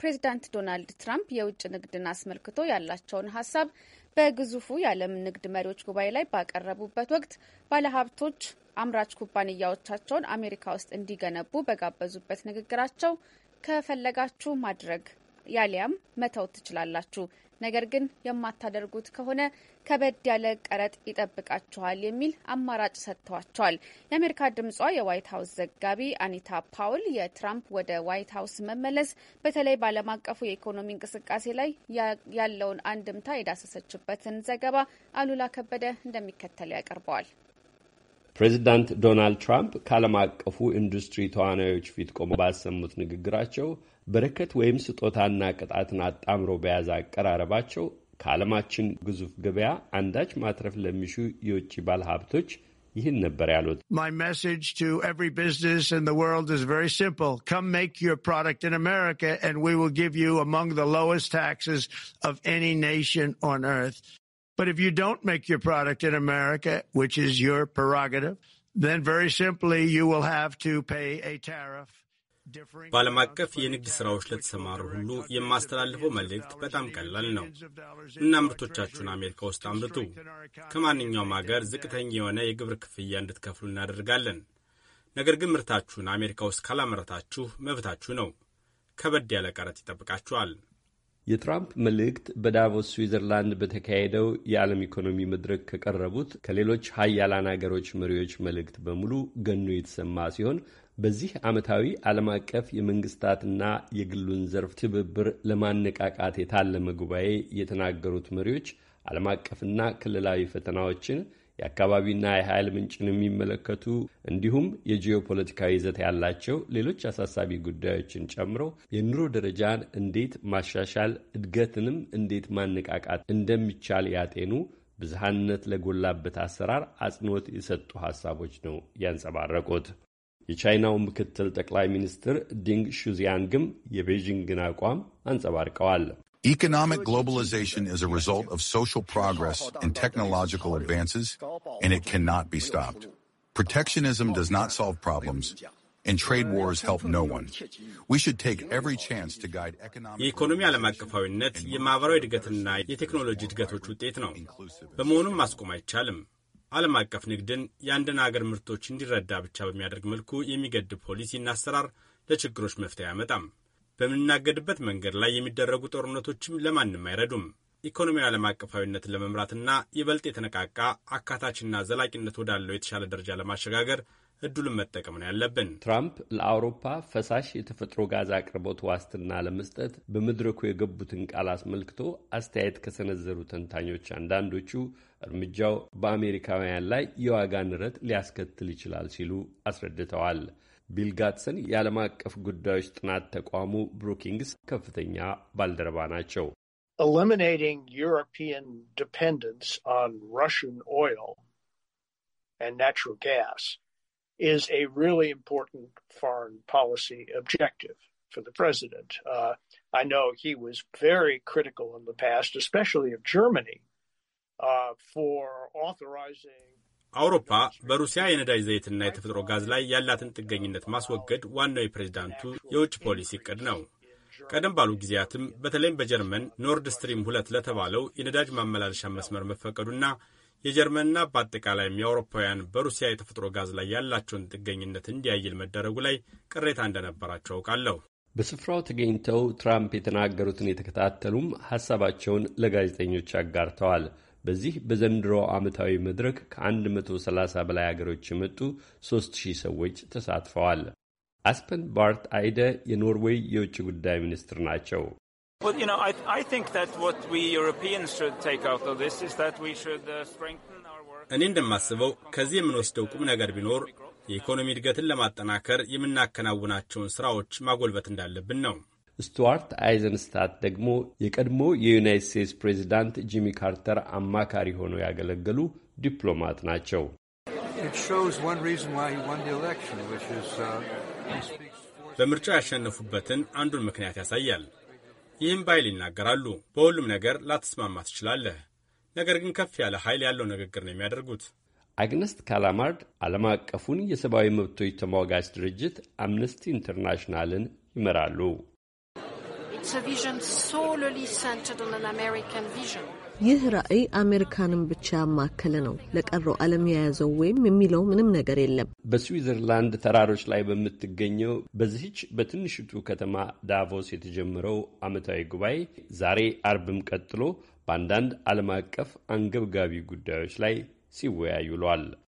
ፕሬዚዳንት ዶናልድ ትራምፕ የውጭ ንግድን አስመልክቶ ያላቸውን ሀሳብ በግዙፉ የዓለም ንግድ መሪዎች ጉባኤ ላይ ባቀረቡበት ወቅት ባለሀብቶች አምራች ኩባንያዎቻቸውን አሜሪካ ውስጥ እንዲገነቡ በጋበዙበት ንግግራቸው ከፈለጋችሁ ማድረግ ያሊያም መተው ትችላላችሁ፣ ነገር ግን የማታደርጉት ከሆነ ከበድ ያለ ቀረጥ ይጠብቃችኋል የሚል አማራጭ ሰጥተዋቸዋል። የአሜሪካ ድምጿ የዋይት ሀውስ ዘጋቢ አኒታ ፓውል የትራምፕ ወደ ዋይት ሀውስ መመለስ በተለይ በዓለም አቀፉ የኢኮኖሚ እንቅስቃሴ ላይ ያለውን አንድምታ የዳሰሰችበትን ዘገባ አሉላ ከበደ እንደሚከተል ያቀርበዋል። ፕሬዚዳንት ዶናልድ ትራምፕ ከዓለም አቀፉ ኢንዱስትሪ ተዋናዮች ፊት ቆሞ ባሰሙት ንግግራቸው My message to every business in the world is very simple. Come make your product in America and we will give you among the lowest taxes of any nation on earth. But if you don't make your product in America, which is your prerogative, then very simply you will have to pay a tariff. በዓለም አቀፍ የንግድ ሥራዎች ለተሰማሩ ሁሉ የማስተላልፈው መልእክት በጣም ቀላል ነው እና ምርቶቻችሁን አሜሪካ ውስጥ አምርቱ። ከማንኛውም አገር ዝቅተኛ የሆነ የግብር ክፍያ እንድትከፍሉ እናደርጋለን። ነገር ግን ምርታችሁን አሜሪካ ውስጥ ካላመረታችሁ መብታችሁ ነው። ከበድ ያለ ቀረጥ ይጠብቃችኋል። የትራምፕ መልእክት በዳቮስ ስዊዘርላንድ በተካሄደው የዓለም ኢኮኖሚ መድረክ ከቀረቡት ከሌሎች ሀያላን አገሮች መሪዎች መልእክት በሙሉ ገኖ የተሰማ ሲሆን በዚህ ዓመታዊ ዓለም አቀፍ የመንግስታትና የግሉን ዘርፍ ትብብር ለማነቃቃት የታለመ ጉባኤ የተናገሩት መሪዎች ዓለም አቀፍና ክልላዊ ፈተናዎችን የአካባቢና የኃይል ምንጭን የሚመለከቱ እንዲሁም የጂኦፖለቲካዊ ይዘት ያላቸው ሌሎች አሳሳቢ ጉዳዮችን ጨምሮ የኑሮ ደረጃን እንዴት ማሻሻል እድገትንም እንዴት ማነቃቃት እንደሚቻል ያጤኑ ብዝሃነት ለጎላበት አሰራር አጽንዖት የሰጡ ሀሳቦች ነው ያንጸባረቁት። የቻይናው ምክትል ጠቅላይ ሚኒስትር ዲንግ ሹዚያንግም የቤዥንግን አቋም አንጸባርቀዋል። Economic globalization is a result of social progress and technological advances, and it cannot be stopped. Protectionism does not solve problems, and trade wars help no one. We should take every chance to guide economic የኢኮኖሚ ዓለም አቀፋዊነት የማኅበራዊ እድገትና የቴክኖሎጂ እድገቶች ውጤት ነው። በመሆኑም ማስቆም አይቻልም። ዓለም አቀፍ ንግድን የአንድን አገር ምርቶች እንዲረዳ ብቻ በሚያደርግ መልኩ የሚገድብ ፖሊሲና አሰራር ለችግሮች መፍትሄ አያመጣም። በምናገድበት መንገድ ላይ የሚደረጉ ጦርነቶችም ለማንም አይረዱም። ኢኮኖሚ ዓለም አቀፋዊነትን ለመምራትና ይበልጥ የተነቃቃ አካታችና ዘላቂነት ወዳለው የተሻለ ደረጃ ለማሸጋገር እድሉን መጠቀም ነው ያለብን። ትራምፕ ለአውሮፓ ፈሳሽ የተፈጥሮ ጋዝ አቅርቦት ዋስትና ለመስጠት በመድረኩ የገቡትን ቃል አስመልክቶ አስተያየት ከሰነዘሩ ተንታኞች አንዳንዶቹ እርምጃው በአሜሪካውያን ላይ የዋጋ ንረት ሊያስከትል ይችላል ሲሉ አስረድተዋል። ቢል ጋትሰን የዓለም አቀፍ ጉዳዮች ጥናት ተቋሙ ብሩኪንግስ ከፍተኛ ባልደረባ ናቸው። eliminating European dependence on Russian oil and natural gas is a really important foreign policy objective for the president. Uh, I know he was very critical in the past, especially of Germany, uh, for authorizing. አውሮፓ በሩሲያ የነዳጅ ዘይትና የተፈጥሮ ጋዝ ላይ ያላትን ጥገኝነት ማስወገድ ዋናው የፕሬዚዳንቱ የውጭ ፖሊሲ እቅድ ነው። ቀደም ባሉ ጊዜያትም በተለይም በጀርመን ኖርድ ስትሪም ሁለት ለተባለው የነዳጅ ማመላለሻ መስመር መፈቀዱና የጀርመንና በአጠቃላይም የአውሮፓውያን በሩሲያ የተፈጥሮ ጋዝ ላይ ያላቸውን ጥገኝነት እንዲያይል መደረጉ ላይ ቅሬታ እንደነበራቸው አውቃለሁ። በስፍራው ተገኝተው ትራምፕ የተናገሩትን የተከታተሉም ሀሳባቸውን ለጋዜጠኞች አጋርተዋል። በዚህ በዘንድሮ ዓመታዊ መድረክ ከ130 በላይ አገሮች የመጡ 3000 ሰዎች ተሳትፈዋል። አስፐን ባርት አይደ የኖርዌይ የውጭ ጉዳይ ሚኒስትር ናቸው። uh, እኔ እንደማስበው ከዚህ የምንወስደው ቁም ነገር ቢኖር የኢኮኖሚ እድገትን ለማጠናከር የምናከናውናቸውን ስራዎች ማጎልበት እንዳለብን ነው። ስቱዋርት አይዘንስታት ደግሞ የቀድሞ የዩናይት ስቴትስ ፕሬዚዳንት ጂሚ ካርተር አማካሪ ሆነው ያገለገሉ ዲፕሎማት ናቸው። uh, በምርጫው ያሸነፉበትን አንዱን ምክንያት ያሳያል። ይህም በኃይል ይናገራሉ። በሁሉም ነገር ላትስማማ ትችላለህ፣ ነገር ግን ከፍ ያለ ኃይል ያለው ንግግር ነው የሚያደርጉት። አግነስት ካላማርድ ዓለም አቀፉን የሰብአዊ መብቶች ተሟጋች ድርጅት አምነስቲ ኢንተርናሽናልን ይመራሉ። ይህ ራዕይ አሜሪካንን ብቻ ያማከለ ነው። ለቀረው ዓለም የያዘው ወይም የሚለው ምንም ነገር የለም። በስዊዘርላንድ ተራሮች ላይ በምትገኘው በዚህች በትንሽቱ ከተማ ዳቮስ የተጀመረው ዓመታዊ ጉባኤ ዛሬ አርብም ቀጥሎ በአንዳንድ ዓለም አቀፍ አንገብጋቢ ጉዳዮች ላይ ሲወያዩ ውለዋል።